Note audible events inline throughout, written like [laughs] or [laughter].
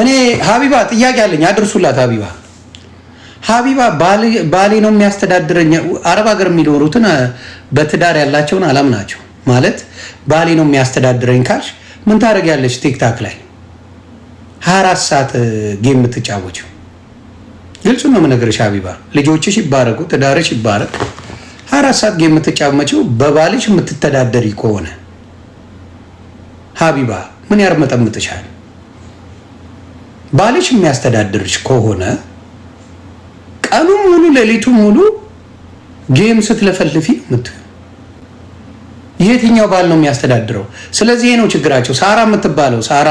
እኔ ሀቢባ ጥያቄ አለኝ፣ አድርሱላት። ሀቢባ ሀቢባ ባሌ ነው የሚያስተዳድረኝ። አረብ ሀገር የሚኖሩትን በትዳር ያላቸውን ናቸው ማለት ባሌ ነው የሚያስተዳድረኝ ካልሽ ምን ታደርጊያለሽ? ቲክታክ ላይ ሀያ አራት ሰዓት ጌም የምትጫወች ግልጹ ነው የምነግርሽ ሀቢባ። ልጆችሽ ይባረቁ፣ ትዳርሽ ይባረቅ። ሀያ አራት ሰዓት ጌም የምትጫመችው በባልሽ የምትተዳደሪ ከሆነ ሀቢባ ምን ያርመጠምጥሻል? ባልሽ የሚያስተዳድርሽ ከሆነ ቀኑም ሙሉ ሌሊቱ ሙሉ ጌም ስትለፈልፊ ምት የትኛው ባል ነው የሚያስተዳድረው? ስለዚህ ይሄ ነው ችግራቸው። ሳራ የምትባለው ሳራ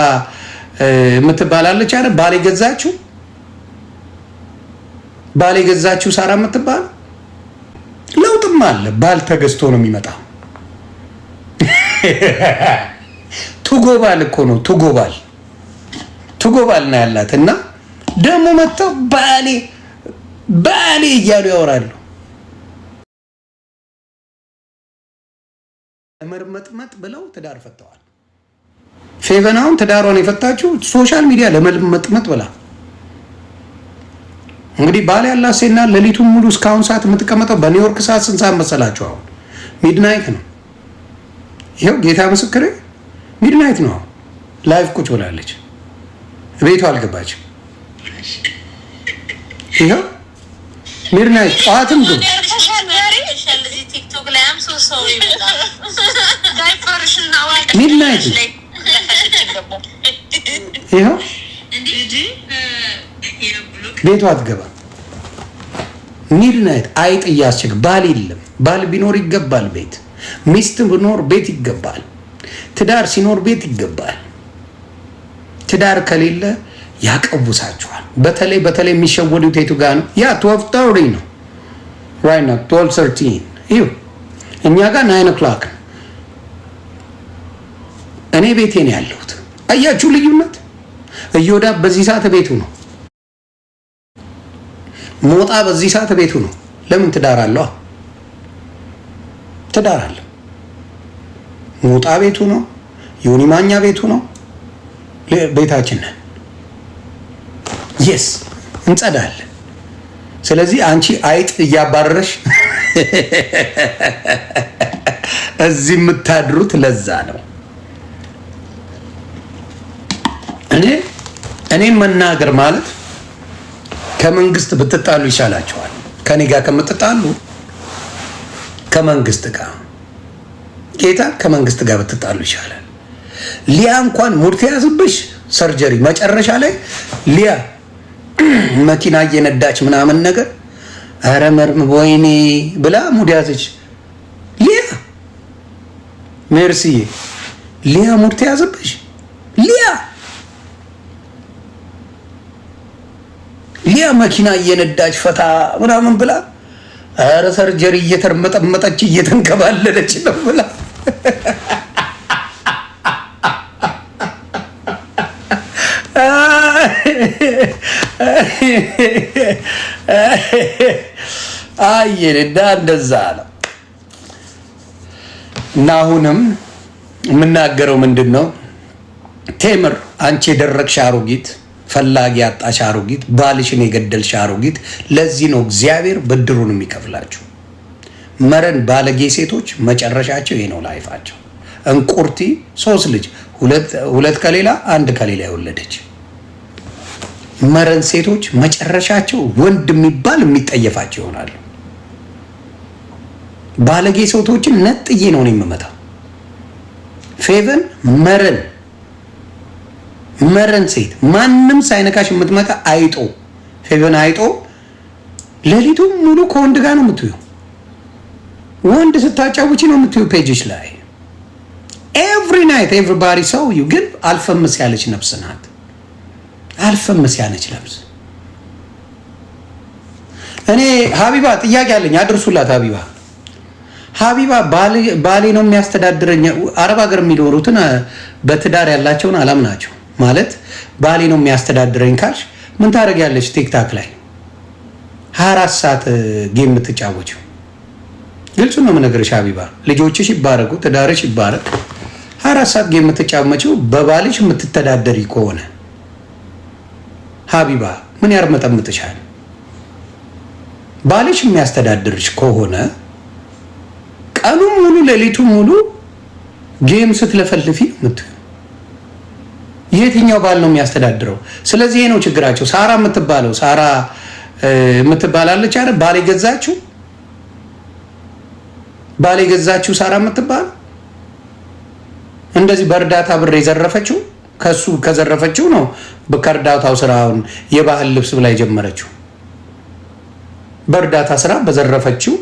የምትባላለች አለ ባል የገዛችው ባል የገዛችው ሳራ የምትባል ለውጥም አለ። ባል ተገዝቶ ነው የሚመጣው። [laughs] ቱጎ ባል እኮ ነው ቱጎ ባል ትጎባል ነው ያላት። እና ደግሞ መጥተው ባሌ ባሌ እያሉ ያወራሉ። ለመርመጥመጥ ብለው ትዳር ፈተዋል። ፌቨናውን ትዳሯን የፈታችው ሶሻል ሚዲያ ለመልመጥመጥ ብላ እንግዲህ ባል ያላት ሴና ሌሊቱን ሙሉ እስካሁን ሰዓት የምትቀመጠው በኒውዮርክ ሰዓት ስንት ሰዓት መሰላችሁ? አሁን ሚድናይት ነው። ይኸው ጌታ ምስክሬ ሚድናይት ነው። ላይፍ ቁጭ ብላለች። ቤቷ አልገባችም። ይኸው ሚድና ጠዋትም ግን ሚድናይት ይኸው ቤቷ አትገባም። ሚድናይት አይጥ እያስቸግ ባል የለም። ባል ቢኖር ይገባል ቤት። ሚስት ብኖር ቤት ይገባል። ትዳር ሲኖር ቤት ይገባል። ትዳር ከሌለ ያቀውሳችኋል። በተለይ በተለይ የሚሸወዱት የቱ ጋ ነው? ያ ትወልቭ ተርቲ ነው ራይና ትወልቭ ይሁ እኛ ጋር ናይን ኦክላክ ነው። እኔ ቤቴ ነው ያለሁት። አያችሁ ልዩነት። እዮዳ በዚህ ሰዓት ቤቱ ነው። ሞጣ በዚህ ሰዓት ቤቱ ነው። ለምን ትዳር አለው? ትዳር አለ። ሞጣ ቤቱ ነው። ዮኒ ማኛ ቤቱ ነው። ቤታችን ነን። የስ እንጸዳለን። ስለዚህ አንቺ አይጥ እያባረረሽ [laughs] እዚህ የምታድሩት ለዛ ነው። እኔ እኔን መናገር ማለት ከመንግስት ብትጣሉ ይሻላቸዋል። ከኔ ጋር ከምትጣሉ ከመንግስት ጋር ጌታ ከመንግስት ጋር ብትጣሉ ይሻላል። ሊያ እንኳን ሙድ ተያዝብሽ ሰርጀሪ መጨረሻ ላይ ሊያ መኪና እየነዳች ምናምን ነገር ኧረ መርም ወይኔ ብላ ሙድ ያዘች። ሊያ ሜርሲዬ ሊያ ሙድ ተያዝብሽ ሊያ ሊያ መኪና እየነዳች ፈታ ምናምን ብላ ኧረ ሰርጀሪ እየተርመጠመጠች እየተንከባለለች ነው ብላ [laughs] አየንና እንደዛ አለ እና አሁንም የምናገረው ምንድን ነው? ቴምር አንቺ የደረቅሽ አሮጊት፣ ፈላጊ ያጣሽ አሮጊት፣ ባልሽን የገደልሽ አሮጊት። ለዚህ ነው እግዚአብሔር ብድሩን የሚከፍላችሁ። መረን ባለጌ ሴቶች መጨረሻቸው ይሄ ነው ላይፋቸው። እንቁርቲ ሶስት ልጅ ሁለት ከሌላ አንድ ከሌላ የወለደች መረን ሴቶች መጨረሻቸው ወንድ የሚባል የሚጠየፋቸው ይሆናሉ። ባለጌ ሴቶችን ነጥዬ ነው የምመታ። ፌቨን መረን መረን ሴት ማንም ሳይነካሽ የምትመጣ አይጦ ፌቨን አይጦ ሌሊቱም ሙሉ ከወንድ ጋር ነው የምትዩ። ወንድ ስታጫውቺ ነው የምትዩ ፔጅች ላይ ኤቭሪ ናይት ኤቭሪባዲ ሰው ዩ ግን አልፈምስ ያለች ነፍስ ናት። አልፈም ያነች ለምስ እኔ ሀቢባ ጥያቄ አለኝ። አድርሱላት ሀቢባ ሀቢባ ባሌ ነው የሚያስተዳድረኝ። አረብ ሀገር የሚኖሩትን በትዳር ያላቸውን ናቸው ማለት ባሌ ነው የሚያስተዳድረኝ ካልሽ ምን ታደርጊያለሽ? ቲክታክ ላይ ሀያ አራት ሰዓት ጌም የምትጫወችው ግልጹ ነው የምነግርሽ ሀቢባ። ልጆችሽ ይባረቁ፣ ትዳርሽ ይባረቅ። ሀያ አራት ሰዓት ጌም የምትጫመችው በባልሽ የምትተዳደሪ ከሆነ ሀቢባ ምን ያርመጠምጥሻል? ባልሽ የሚያስተዳድርሽ ከሆነ ቀኑ ሙሉ ሌሊቱ ሙሉ ጌም ስትለፈልፊ ምት የትኛው ባል ነው የሚያስተዳድረው? ስለዚህ ይሄ ነው ችግራቸው። ሳራ የምትባለው ሳራ የምትባላለች አይደል? ባል የገዛችው ባል የገዛችው ሳራ የምትባለው እንደዚህ በእርዳታ ብር የዘረፈችው ከሱ ከዘረፈችው ነው ከእርዳታው ስራ አሁን የባህል ልብስ ብላ የጀመረችው። በእርዳታ ስራ በዘረፈችው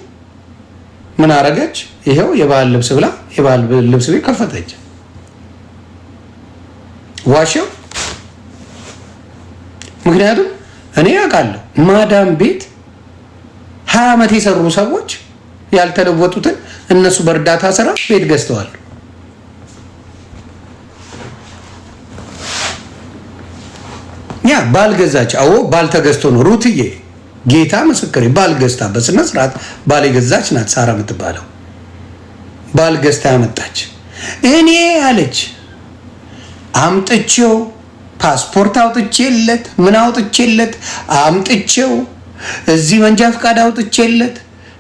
ምን አረገች? ይኸው የባህል ልብስ ብላ የባህል ልብስ ቤት ከፈተች። ዋሸው። ምክንያቱም እኔ ያውቃለሁ ማዳም ቤት ሀያ ዓመት የሰሩ ሰዎች ያልተለወጡትን እነሱ በእርዳታ ስራ ቤት ገዝተዋል። ባል ባልገዛች አዎ ባልተገዝቶ ነው ሩትዬ ጌታ ምስክሬ ባልገዝታ በስነ ስርዓት ባል የገዛች ናት ሳራ የምትባለው ባልገዝታ ያመጣች እኔ አለች አምጥቼው ፓስፖርት አውጥቼለት ምን አውጥቼለት አምጥቼው እዚህ መንጃ ፈቃድ አውጥቼለት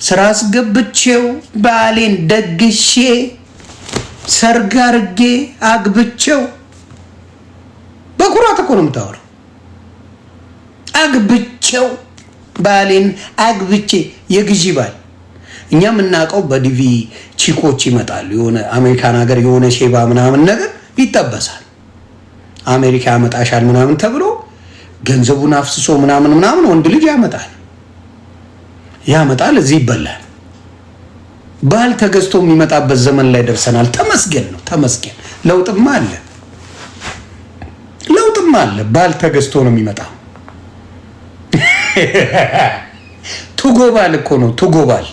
ስራ አስገብቼው ባሌን ደግሼ ሰርግ አርጌ አግብቼው በኩራት እኮ ነው የምታወራው። አግብቼው ባሌን አግብቼ የግዢ ባል እኛ የምናውቀው በዲቪ ቺኮች ይመጣሉ። የሆነ አሜሪካን ሀገር የሆነ ሼባ ምናምን ነገር ይጠበሳል። አሜሪካ ያመጣሻል ምናምን ተብሎ ገንዘቡን አፍስሶ ምናምን ምናምን ወንድ ልጅ ያመጣል ያመጣል፣ እዚህ ይበላል። ባህል ተገዝቶ የሚመጣበት ዘመን ላይ ደርሰናል። ተመስገን ነው ተመስገን። ለውጥማ አለ ለውጥማ አለ። ባል ተገዝቶ ነው የሚመጣው። ቱጎባል [laughs] እኮ ነው ቱጎባል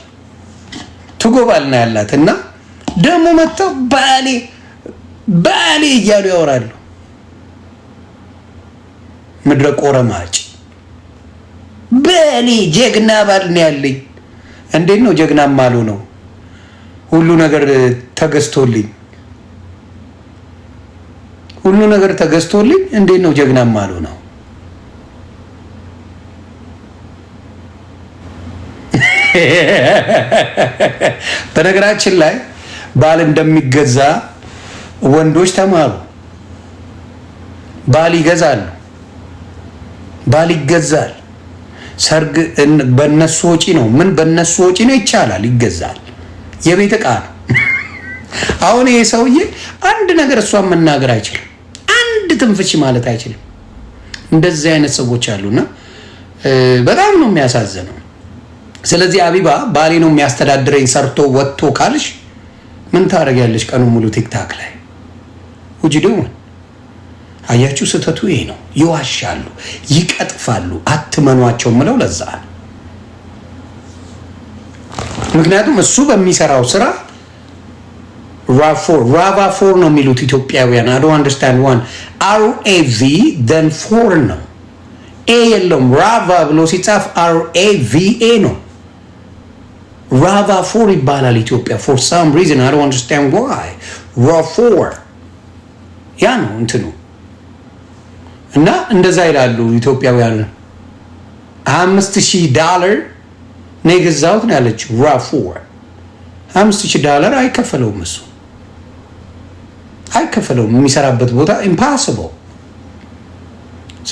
ቱጎባል ነው ያላት። እና ደግሞ መጥተው ባሌ ባሌ እያሉ ያወራሉ። ምድረ ቆረማጭ በእኔ ጀግና ባል ነው ያለኝ። እንዴት ነው ጀግና ማሉ ነው ሁሉ ነገር ተገዝቶልኝ ሁሉ ነገር ተገዝቶልኝ እንዴት ነው ጀግና ማሉ ነው [laughs] በነገራችን ላይ ባል እንደሚገዛ ወንዶች ተማሩ። ባል ይገዛሉ፣ ባል ይገዛል። ሰርግ በነሱ ወጪ ነው። ምን በነሱ ወጪ ነው? ይቻላል፣ ይገዛል። የቤት እቃ ነው። [laughs] አሁን ይሄ ሰውዬ አንድ ነገር እሷን መናገር አይችልም። አንድ ትንፍሽ ማለት አይችልም። እንደዚህ አይነት ሰዎች አሉና በጣም ነው የሚያሳዝነው። ስለዚህ አቢባ ባሌ ነው የሚያስተዳድረኝ ሰርቶ ወጥቶ ካልሽ ምን ታደርጊያለሽ? ቀኑ ሙሉ ቲክታክ ላይ ውጅ አያችሁ፣ ስህተቱ ይሄ ነው። ይዋሻሉ፣ ይቀጥፋሉ። አትመኗቸው ምለው ለዛ ምክንያቱም እሱ በሚሰራው ስራ ራፎር ራቫ ፎር ነው የሚሉት ኢትዮጵያውያን። አዶ አንደርስታንድ ዋን አር ደን ፎር ነው ኤ የለውም። ራቫ ብሎ ሲጻፍ አር ኤ ቪ ኤ ነው። ራቫፎር ይባላል ኢትዮጵያ። ፎር ሳም ሪዝን አይ ዶንት አንደርስታንድ ዋይ ራፎር ያ ነው እንትኑ እና እንደዛ ይላሉ ኢትዮጵያውያን። ሀያ አምስት ሺህ ዳለር ነው የገዛሁት ነው ያለችው። ራፎር ሀያ አምስት ሺህ ዳለር አይከፈለውም እሱ አይከፈለውም የሚሰራበት ቦታ ኢምፓስብል።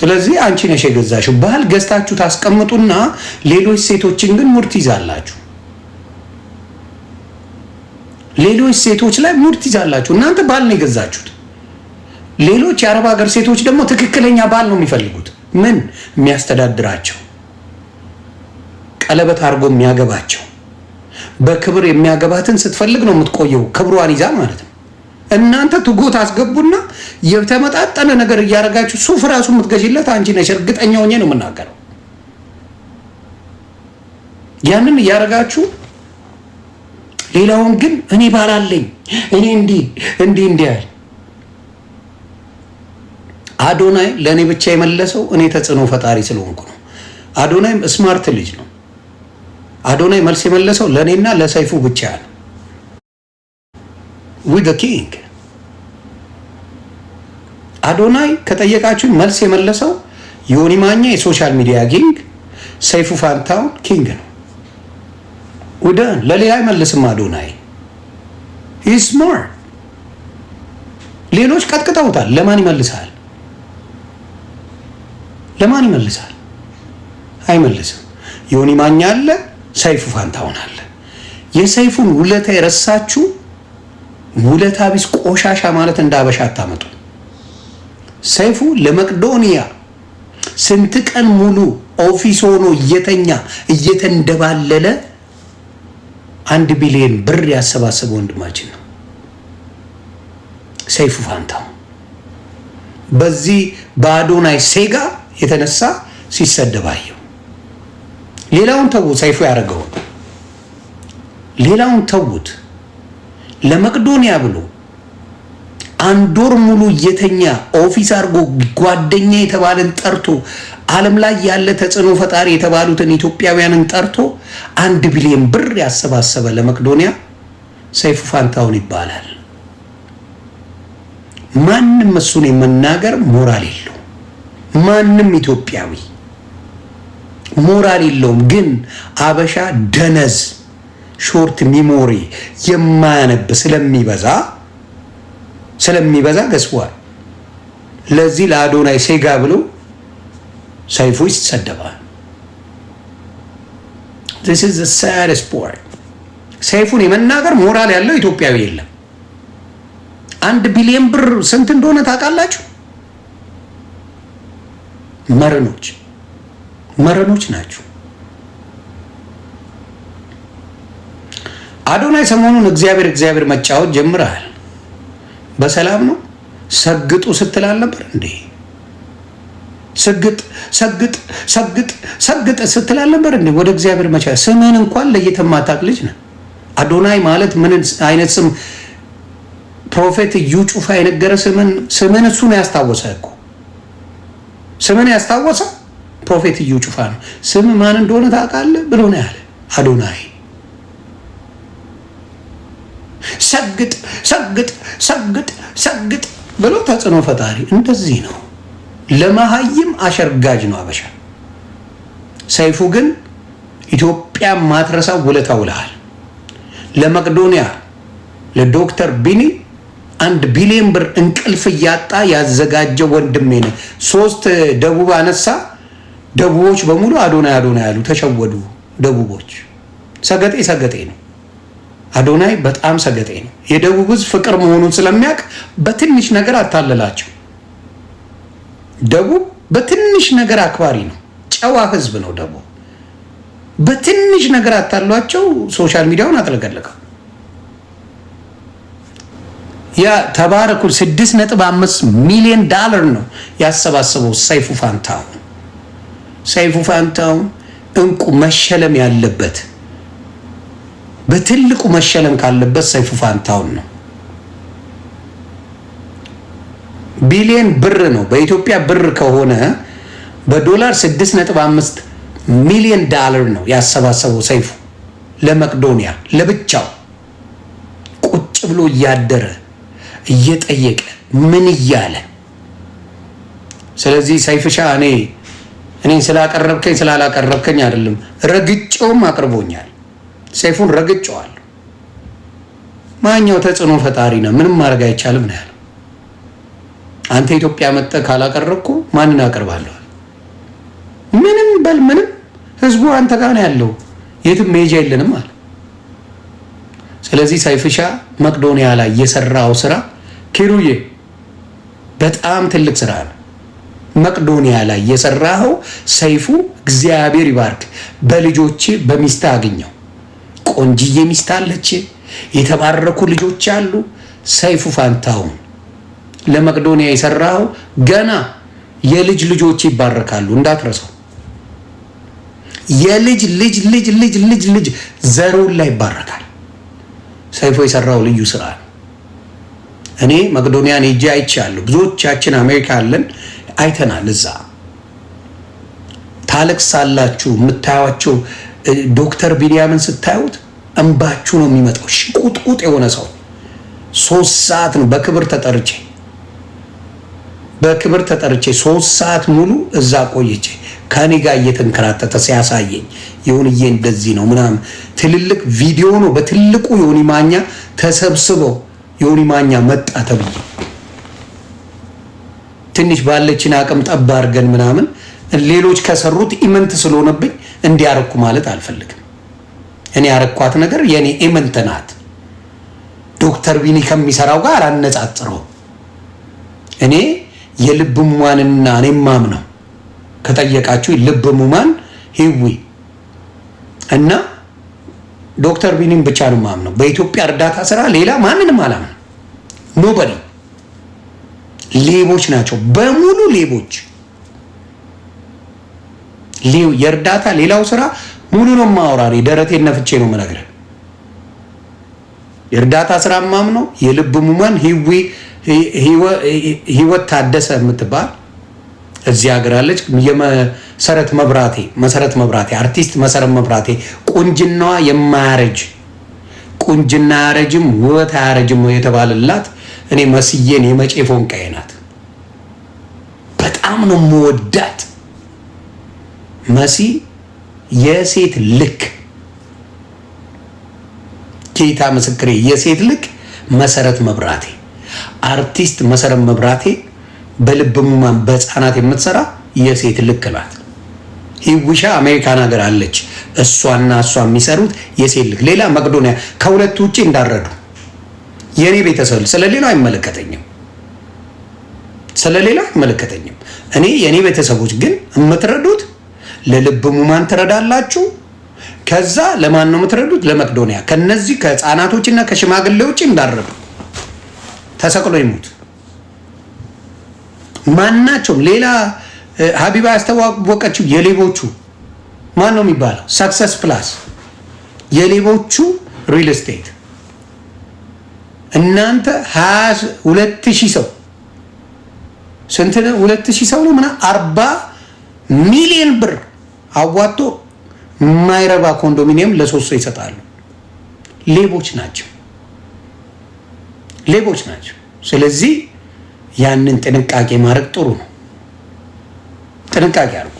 ስለዚህ አንቺ ነሽ የገዛሽው። ባህል ገዝታችሁ ታስቀምጡና ሌሎች ሴቶችን ግን ሙድ ትይዛላችሁ። ሌሎች ሴቶች ላይ ሙድ ትይዛላችሁ። እናንተ ባል ነው የገዛችሁት። ሌሎች የአረብ ሀገር ሴቶች ደግሞ ትክክለኛ ባል ነው የሚፈልጉት። ምን የሚያስተዳድራቸው፣ ቀለበት አድርጎ የሚያገባቸው፣ በክብር የሚያገባትን ስትፈልግ ነው የምትቆየው፣ ክብሯን ይዛ ማለት ነው። እናንተ ትጎት አስገቡና የተመጣጠነ ነገር እያደረጋችሁ ሱፍ ራሱ የምትገዥለት አንቺ ነሽ። እርግጠኛ ሆኜ ነው የምናገረው። ያንን እያደረጋችሁ ሌላውን ግን እኔ ባላለኝ እኔ እንዲህ እንዲህ እንዲህ ያል አዶናይ ለእኔ ብቻ የመለሰው እኔ ተጽዕኖ ፈጣሪ ስለሆንኩ ነው። አዶናይም ስማርት ልጅ ነው። አዶናይ መልስ የመለሰው ለእኔና ለሰይፉ ብቻ ነው። ዊዘ ኪንግ አዶናይ ከጠየቃችሁ መልስ የመለሰው ዮኒ ማኛ የሶሻል ሚዲያ ኪንግ፣ ሰይፉ ፋንታውን ኪንግ ነው። ወደ ለሌላ አይመልስም። አዶናይ ሞር ሌሎች ቀጥቅጠውታል። ለማን ይመልሳል? ለማን ይመልሳል? አይመልስም። ዮኒ ማኛ አለ፣ ሰይፉ ፋንታሁን አለ። የሰይፉን ውለታ የረሳችሁ ውለታ ቢስ ቆሻሻ ማለት እንዳበሻ አታመጡ። ሰይፉ ለመቅዶኒያ ስንት ቀን ሙሉ ኦፊስ ሆኖ እየተኛ እየተንደባለለ አንድ ቢሊዮን ብር ያሰባሰበ ወንድማችን ነው ሰይፉ ፋንታው። በዚህ በአዶናይ ሴጋ የተነሳ ሲሰደባየው፣ ሌላውን ተዉት። ሰይፉ ያደረገውን ሌላውን ተዉት። ለመቅዶንያ ብሎ አንድ ወር ሙሉ እየተኛ ኦፊስ አድርጎ ጓደኛ የተባለን ጠርቶ ዓለም ላይ ያለ ተጽዕኖ ፈጣሪ የተባሉትን ኢትዮጵያውያንን ጠርቶ አንድ ቢሊዮን ብር ያሰባሰበ ለመቅዶኒያ ሰይፉ ፋንታሁን ይባላል። ማንም እሱን የመናገር ሞራል የለው። ማንም ኢትዮጵያዊ ሞራል የለውም። ግን አበሻ ደነዝ ሾርት ሚሞሪ የማያነብ ስለሚበዛ ስለሚበዛ ገዝቧል። ለዚህ ለአዶናይ ሴጋ ብሎ ሰይፉ ይሰደባል። ዚስ ኢዝ ሰይፉን የመናገር ሞራል ያለው ኢትዮጵያዊ የለም። አንድ ቢሊዮን ብር ስንት እንደሆነ ታውቃላችሁ? መረኖች መረኖች ናችሁ። አዶናይ ሰሞኑን እግዚአብሔር እግዚአብሔር መጫወት ጀምረሃል። በሰላም ነው። ሰግጡ ስትል አልነበር እንዴ? ሰግጥ ሰግጥ ሰግጥ ሰግጥ ስትል አልነበር እንዴ? ወደ እግዚአብሔር መቻ ስምን እንኳን ለየት ማታቅ ልጅ ነህ። አዶናይ ማለት ምን አይነት ስም ፕሮፌት እዩ ጩፋ የነገረ ስምን ስምን እሱ ነው ያስታወሰ እኮ ስምን ያስታወሰ ፕሮፌት እዩ ጩፋ ነው። ስም ማን እንደሆነ ታውቃለህ ብሎ ነው ያለ አዶናይ ሰግጥ ሰግጥ ሰግጥ ሰግጥ ብሎ ተጽዕኖ ፈጣሪ እንደዚህ ነው። ለመሀይም አሸርጋጅ ነው አበሻ። ሰይፉ ግን ኢትዮጵያ ማትረሳ ውለታ ውለሃል። ለመቅዶኒያ ለዶክተር ቢኒ አንድ ቢሊዮን ብር እንቅልፍ እያጣ ያዘጋጀው ወንድሜ ነ ሶስት ደቡብ አነሳ። ደቡቦች በሙሉ አዶና አዶና ያሉ ተሸወዱ። ደቡቦች ሰገጤ ሰገጤ ነው። አዶናይ በጣም ሰገጤ ነው። የደቡብ ህዝብ ፍቅር መሆኑን ስለሚያውቅ በትንሽ ነገር አታለላቸው። ደቡብ በትንሽ ነገር አክባሪ ነው። ጨዋ ህዝብ ነው ደቡብ። በትንሽ ነገር አታሏቸው። ሶሻል ሚዲያውን አጥለቀለቀው። ያ ተባረኩል 6.5 ሚሊዮን ዳላር ነው ያሰባሰበው ሰይፉ ፋንታሁን። ሰይፉ ፋንታሁን እንቁ መሸለም ያለበት በትልቁ መሸለም ካለበት ሰይፉ ፋንታውን ነው። ቢሊየን ብር ነው። በኢትዮጵያ ብር ከሆነ በዶላር 6.5 ሚሊዮን ዳላር ነው ያሰባሰበው ሰይፉ ለመቅዶኒያ ለብቻው ቁጭ ብሎ እያደረ እየጠየቀ ምን እያለ ስለዚህ ሰይፍሻ እኔ እኔ ስላቀረብከኝ ስላላቀረብከኝ አይደለም፣ ረግጬውም አቅርቦኛል። ሰይፉን ረግጨዋል። ማኛው ተጽዕኖ ፈጣሪ ነው፣ ምንም ማድረግ አይቻልም ነው ያለው። አንተ ኢትዮጵያ መጠ ካላቀረብኩ ማንን አቀርባለሁ? ምንም በል ምንም፣ ህዝቡ አንተ ጋር ነው ያለው፣ የትም መሄጃ የለንም አለ። ስለዚህ ሰይፍሻ መቅዶኒያ ላይ የሰራው ስራ ኪሩዬ በጣም ትልቅ ስራ ነው። መቅዶኒያ ላይ የሰራኸው ሰይፉ እግዚአብሔር ይባርክ። በልጆቼ በሚስት አግኘው ቆንጅዬ ሚስት አለች፣ የተባረኩ ልጆች አሉ። ሰይፉ ፋንታሁን ለመቅዶኒያ የሰራው ገና የልጅ ልጆች ይባረካሉ፣ እንዳትረሳው። የልጅ ልጅ ልጅ ልጅ ልጅ ልጅ ዘሩን ላይ ይባረካል። ሰይፎ የሰራው ልዩ ስራ ነው። እኔ መቅዶኒያን ሄጄ አይቻለሁ። ብዙዎቻችን አሜሪካ አለን አይተናል። እዛ ታለቅሳላችሁ። የምታዩቸው ዶክተር ቢንያምን ስታዩት እንባችሁ ነው የሚመጣው። ሽቁጥቁጥ የሆነ ሰው ሶስት ሰዓት ነው በክብር ተጠርቼ በክብር ተጠርቼ ሶስት ሰዓት ሙሉ እዛ ቆይቼ ከኔ ጋር እየተንከራተተ ሲያሳየኝ የሆንዬ እንደዚህ ነው ምናምን ትልልቅ ቪዲዮ ነው በትልቁ የሆኒ ማኛ ተሰብስበው የሆኒ ማኛ መጣ ተብዬ ትንሽ ባለችን አቅም ጠብ አድርገን ምናምን ሌሎች ከሰሩት ኢመንት ስለሆነብኝ እንዲያረኩ ማለት አልፈልግም። እኔ ያረኳት ነገር የእኔ ኤምንት ናት። ዶክተር ቢኒ ከሚሰራው ጋር አላነጻጽረው። እኔ የልብ ሙማንና እኔ ማም ነው ከጠየቃችሁ ልብ ሙማን ሂዊ እና ዶክተር ቢኒን ብቻ ነው ማም ነው። በኢትዮጵያ እርዳታ ስራ ሌላ ማንንም አላም ኖበዲ ሌቦች ናቸው በሙሉ ሌቦች። የእርዳታ ሌላው ስራ ሙሉ ነው የማወራህ። እኔ ነፍቼ ነው የምነግርህ። የእርዳታ ስራ ማም ነው የልብ ሙመን ህይወት ታደሰ የምትባል እዚህ ሀገር አለች። የመሰረት መብራቴ መሰረት መብራቴ አርቲስት መሰረት መብራቴ ቁንጅናዋ የማያረጅ ቁንጅና አያረጅም ውበት አያረጅም የተባለላት እኔ መስዬን የመጬ ፎንቃዬ ናት። በጣም ነው የምወዳት መሲ የሴት ልክ ጌታ ምስክሬ፣ የሴት ልክ መሰረት መብራቴ፣ አርቲስት መሰረት መብራቴ በልብ ሙማን በህፃናት የምትሰራ የሴት ልክ ናት። ይውሻ አሜሪካን ሀገር አለች። እሷና እሷ የሚሰሩት የሴት ልክ ሌላ መቅዶኒያ ከሁለት ውጭ እንዳረዱ የእኔ ቤተሰብ ስለሌላ አይመለከተኝም፣ ስለሌላ አይመለከተኝም። እኔ የእኔ ቤተሰቦች ግን የምትረዱት ለልብ ሙማን ትረዳላችሁ። ከዛ ለማን ነው የምትረዱት? ለመቅዶንያ ከነዚህ ከህፃናቶችና ከሽማግሌዎች እንዳረዱ ተሰቅሎ ይሙት ማናቸውም ሌላ ሀቢባ ያስተዋወቀችው የሌቦቹ ማን ነው የሚባለው? ሰክሰስ ፕላስ የሌቦቹ ሪል ስቴት እናንተ ሀያ ሁለት ሺህ ሰው ስንት ሁለት ሺህ ሰው ነው ምና አርባ ሚሊዮን ብር አዋጥቶ ማይረባ ኮንዶሚኒየም ለሶስት ሰው ይሰጣሉ። ሌቦች ናቸው፣ ሌቦች ናቸው። ስለዚህ ያንን ጥንቃቄ ማድረግ ጥሩ ነው። ጥንቃቄ አድርጉ።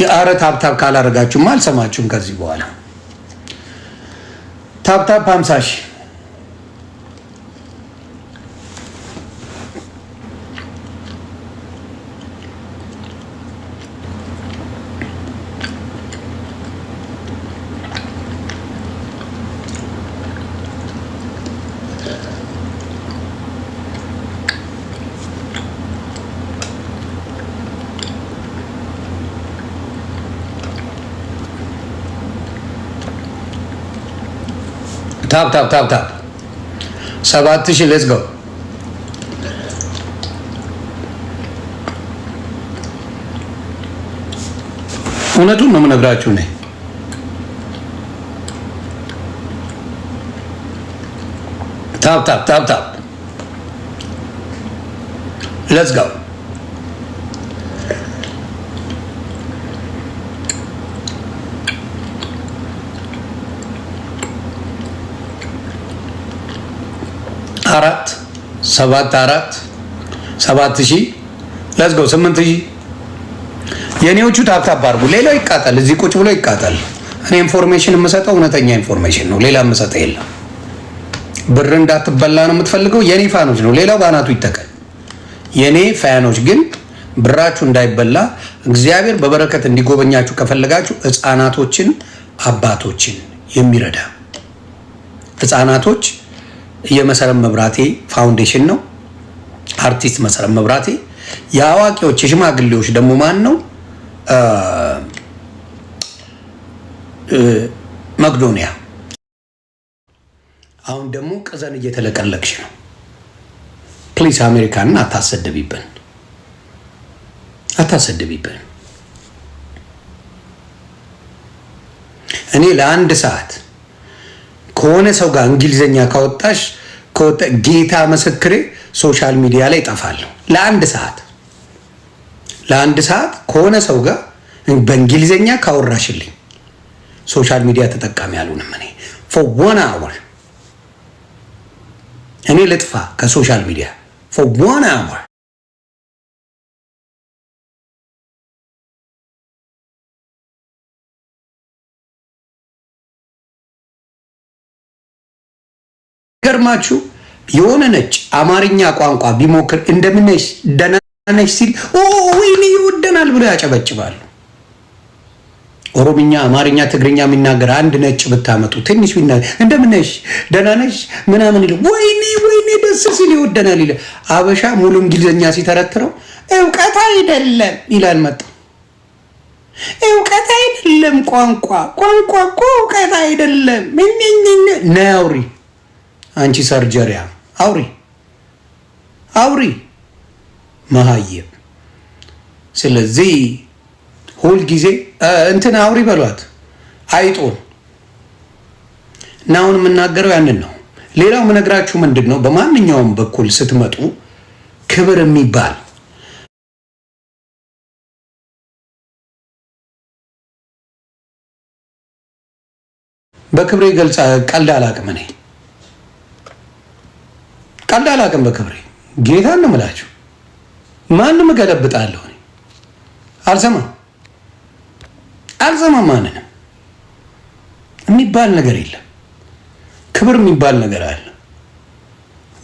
የአረ ታብታብ ካላደረጋችሁማ አልሰማችሁም ከዚህ በኋላ ታብታብ ሀምሳ ሺህ ታፕ ታፕ ታፕ ታፕ ሰባት ሺህ ሌትስ ጎ እውነቱን ነው የምነግራችሁ እኔ ታፕ ታፕ ታፕ ታፕ ሌትስ ጎ ሰባት አራት ሰባት ሺህ ለዝጎ ስምንት ሺህ የእኔዎቹ ታብታብ አድርጉ። ሌላው ይቃጠል፣ እዚህ ቁጭ ብሎ ይቃጠል። እኔ ኢንፎርሜሽን የምሰጠው እውነተኛ ኢንፎርሜሽን ነው። ሌላ ምሰጠ የለም። ብር እንዳትበላ ነው የምትፈልገው፣ የእኔ ፋኖች ነው። ሌላው በአናቱ ይተቀል። የእኔ ፋኖች ግን ብራችሁ እንዳይበላ እግዚአብሔር በበረከት እንዲጎበኛችሁ ከፈለጋችሁ ህፃናቶችን አባቶችን የሚረዳ ህፃናቶች የመሰረት መብራቴ ፋውንዴሽን ነው። አርቲስት መሰረት መብራቴ። የአዋቂዎች የሽማግሌዎች ደግሞ ማን ነው? መቅዶኒያ። አሁን ደግሞ ቅዘን እየተለቀለቅሽ ነው። ፕሊስ አሜሪካንን አታሰድቢብን፣ አታሰድቢብን። እኔ ለአንድ ሰዓት ከሆነ ሰው ጋር እንግሊዝኛ ካወጣሽ ጌታ ምስክሬ ሶሻል ሚዲያ ላይ ጠፋለሁ። ለአንድ ሰዓት ለአንድ ሰዓት ከሆነ ሰው ጋር በእንግሊዝኛ ካወራሽልኝ ሶሻል ሚዲያ ተጠቃሚ አልሆንም። እኔ ፎር ዋን አወር እኔ ልጥፋ ከሶሻል ሚዲያ ፎር ዋን አወር አይገርማችሁ? የሆነ ነጭ አማርኛ ቋንቋ ቢሞክር እንደምነሽ ደናነሽ ሲል ወይኔ ይወደናል ብሎ ያጨበጭባሉ። ኦሮምኛ፣ አማርኛ፣ ትግርኛ የሚናገር አንድ ነጭ ብታመጡ ትንሽ ቢና እንደምነሽ ደናነሽ ምናምን ይለ ወይኔ ወይኔ ደስ ሲል ይወደናል ይለ። አበሻ ሙሉ እንግሊዝኛ ሲተረትረው እውቀት አይደለም ይላል መጣ እውቀት አይደለም ቋንቋ ቋንቋ እኮ እውቀት አይደለም ነውሪ አንቺ ሰርጀሪያ አውሪ አውሪ መሀየም ስለዚህ ሁልጊዜ እንትን አውሪ በሏት አይጦን እና አሁን የምናገረው ያንን ነው። ሌላው ምነግራችሁ ምንድን ነው፣ በማንኛውም በኩል ስትመጡ ክብር የሚባል በክብሬ ገልጻ ቀልድ አላቅም እኔ ቀልድ አላውቅም በክብሬ ጌታ እንምላችሁ ማንም እገለብጣለሁ። አልሰማም አልሰማም ማንንም የሚባል ነገር የለም። ክብር የሚባል ነገር አለ።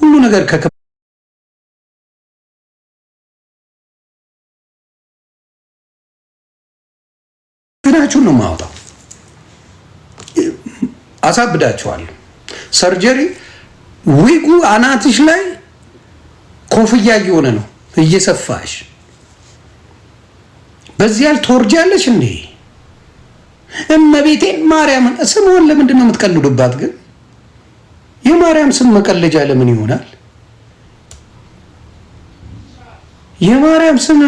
ሁሉ ነገር ከክብራችሁን ነው የማወጣው። አሳብዳችኋለሁ ሰርጀሪ ዊጉ አናትሽ ላይ ኮፍያ እየሆነ ነው እየሰፋሽ በዚህ ያህል ትወርጃለሽ እንዴ? እመቤቴ ማርያምን ስምዋን ለምንድን ነው የምትቀልዱባት? ግን የማርያም ስም መቀለጃ ለምን ይሆናል? የማርያም ስም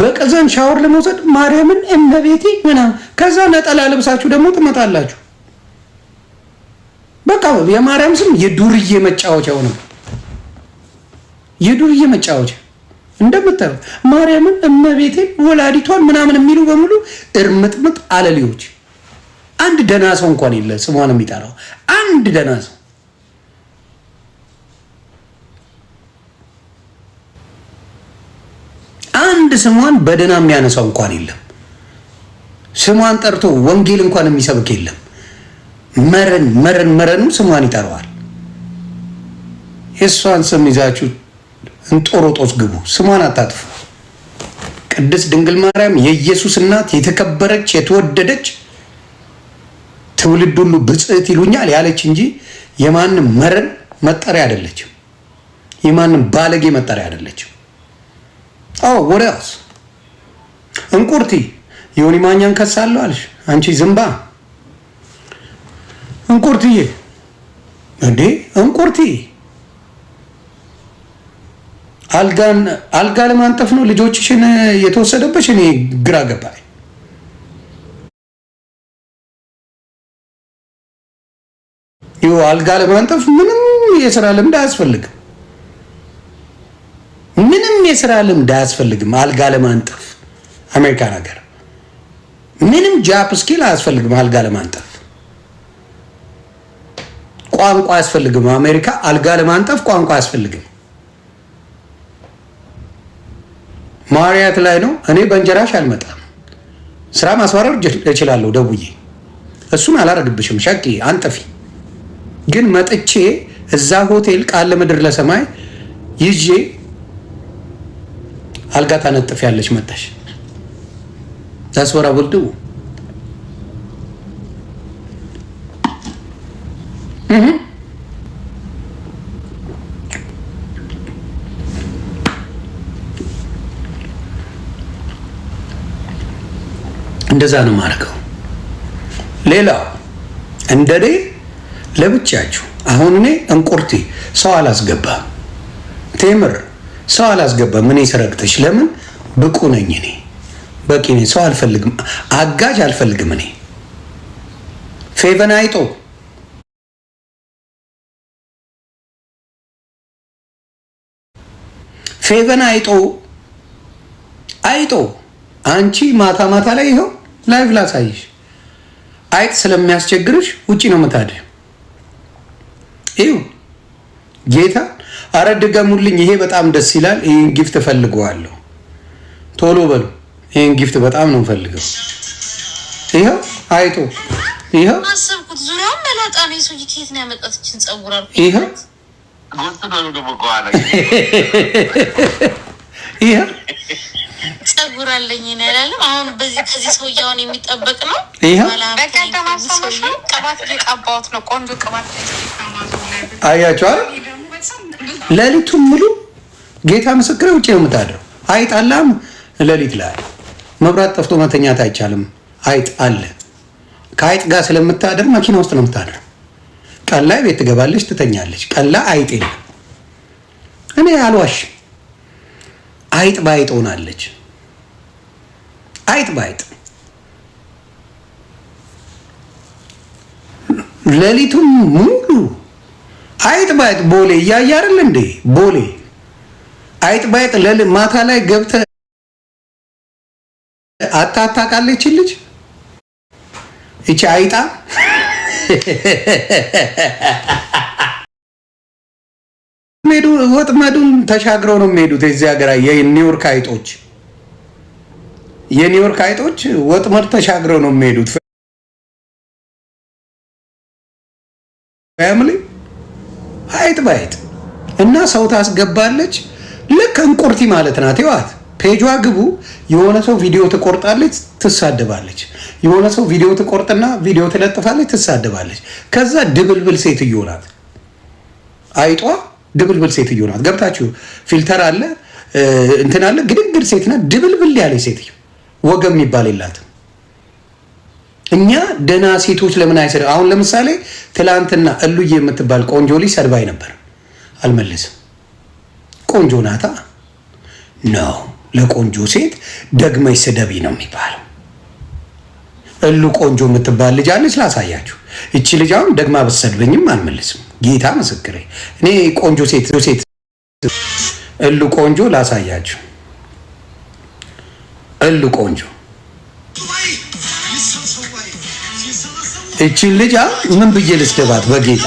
በቅዘን ሻወር ለመውሰድ ማርያምን እመቤቴ ምና ከዛ ነጠላ ለብሳችሁ ደግሞ ትመጣላችሁ። በቃ የማርያም ስም የዱርዬ መጫወቻው ነው። የዱርዬ መጫወቻ እንደምታየው ማርያምን፣ እመቤቴን፣ ወላዲቷን ምናምን የሚሉ በሙሉ እርምጥምጥ አለሌዎች። አንድ ደህና ሰው እንኳን የለ ስሟን የሚጠራው አንድ ደህና ሰው። አንድ ስሟን በደህና የሚያነሳው እንኳን የለም። ስሟን ጠርቶ ወንጌል እንኳን የሚሰብክ የለም። መረን መረን መረኑ ስሟን ይጠራዋል። የእሷን ስም ይዛችሁ እንጦሮጦስ ግቡ። ስሟን አታጥፉ። ቅድስት ድንግል ማርያም የኢየሱስ እናት የተከበረች የተወደደች ትውልድ ሁሉ ብጽዕት ይሉኛል ያለች እንጂ የማንም መረን መጠሪያ አይደለችም። የማንም ባለጌ መጠሪያ አይደለችም። አዎ ወዲያውስ እንቁርቲ ዮኒ ማኛን ከሳለሁ አልሽ አንቺ ዝምባ እንቁርትዬ እንዴ እንቁርትዬ አልጋን አልጋ ለማንጠፍ ነው ልጆችሽን የተወሰደበች? እኔ ግራ ገባኝ። ይ አልጋ ለማንጠፍ ምንም የስራ ልምድ አያስፈልግም። ምንም የስራ ልምድ አያስፈልግም። አልጋ ለማንጠፍ አሜሪካን ሀገር ምንም ጃፕ ስኪል አያስፈልግም። አልጋ ለማንጠፍ ቋንቋ አያስፈልግም። አሜሪካ አልጋ ለማንጠፍ ቋንቋ አያስፈልግም። ማሪያት ላይ ነው። እኔ በእንጀራሽ አልመጣም። ስራ ማስባረር እችላለሁ ደውዬ። እሱን አላረግብሽም ሸቂ አንጠፊ። ግን መጥቼ እዛ ሆቴል ቃል ለምድር ለሰማይ ይዤ አልጋ ታነጥፊያለሽ መጣሽ ታስበራ እንደዛ ነው ማድረገው። ሌላው እንደኔ ለብቻችሁ አሁን እኔ እንቁርቲ ሰው አላስገባም። ቴምር ሰው አላስገባም። ምን ሰረቅተሽ ለምን ብቁ ነኝ እኔ በቂ ነኝ። ሰው አልፈልግም፣ አጋዥ አልፈልግም። እኔ ፌቨን አይጦ ፌቨን አይጦ አይጦ አንቺ ማታ ማታ ላይ ይኸው ላይቭ ላሳይሽ። አይጥ ስለሚያስቸግርሽ ውጪ ነው ምታድ ይው ጌታ አረ ድገሙልኝ። ይሄ በጣም ደስ ይላል። ይህን ጊፍት እፈልገዋለሁ። ቶሎ በሉ። ይህን ጊፍት በጣም ነው ፈልገው። ይኸው አይጦ ይኸው ይኸው ጸጉር አለኝ ነው ያላለም። አሁን በዚህ ከዚህ ሰው የሚጠበቅ ነው። ቅባት ነው ቆንጆ ቅባት አያቸዋል። ሌሊቱን ሙሉ ጌታ ምስክር ውጭ ነው የምታድረው። አይጥ አላም ሌሊት ላይ መብራት ጠፍቶ መተኛት አይቻልም። አይጥ አለ። ከአይጥ ጋር ስለምታድር መኪና ውስጥ ነው የምታድረው። ቀን ላይ ቤት ትገባለች፣ ትተኛለች። ቀን ላይ አይጥ የለም። እኔ አልዋሽም። አይጥ ባይጥ ሆናለች። አይጥ ባይጥ ሌሊቱን ሙሉ አይጥ ባይጥ ቦሌ እያየ እንዴ? ቦሌ አይጥ ባይጥ ለል ማታ ላይ ገብተ አታታቃለች ልጅ እቺ አይጣ [laughs] ወጥመዱን ተሻግረው ነው የሚሄዱት። የዚህ ሀገር የኒውዮርክ አይጦች የኒውዮርክ አይጦች ወጥመድ ተሻግረው ነው የሚሄዱት። ፋሚሊ አይጥ በአይጥ እና ሰው ታስገባለች። ልክ እንቁርቲ ማለት ናት። ይዋት ፔጇ ግቡ። የሆነ ሰው ቪዲዮ ትቆርጣለች፣ ትሳደባለች። የሆነ ሰው ቪዲዮ ትቆርጥና ቪዲዮ ትለጥፋለች፣ ትሳደባለች። ከዛ ድብልብል ሴትዮ ናት አይጧ ድብልብል ሴትዮ ናት። ገብታችሁ ፊልተር አለ እንትን አለ ግድግድ ሴት ናት። ድብልብል ያለች ሴትዮ ወገብ የሚባል የላትም። እኛ ደህና ሴቶች ለምን አይሰድ አሁን ለምሳሌ ትላንትና እሉዬ የምትባል ቆንጆ ልጅ ሰድባይ ነበር። አልመልስም። ቆንጆ ናታ ነው። ለቆንጆ ሴት ደግመሽ ስደቢ ነው የሚባለው። እሉ ቆንጆ የምትባል ልጅ አለች፣ ላሳያችሁ። እቺ ልጅ አሁን ደግማ ብትሰድበኝም አልመልስም። ጌታ ምስክሬ፣ እኔ ቆንጆ ሴት ሴት እሉ ቆንጆ ላሳያችሁ። እሉ ቆንጆ እቺን ልጅ ምን ብዬ ልስደባት በጌታ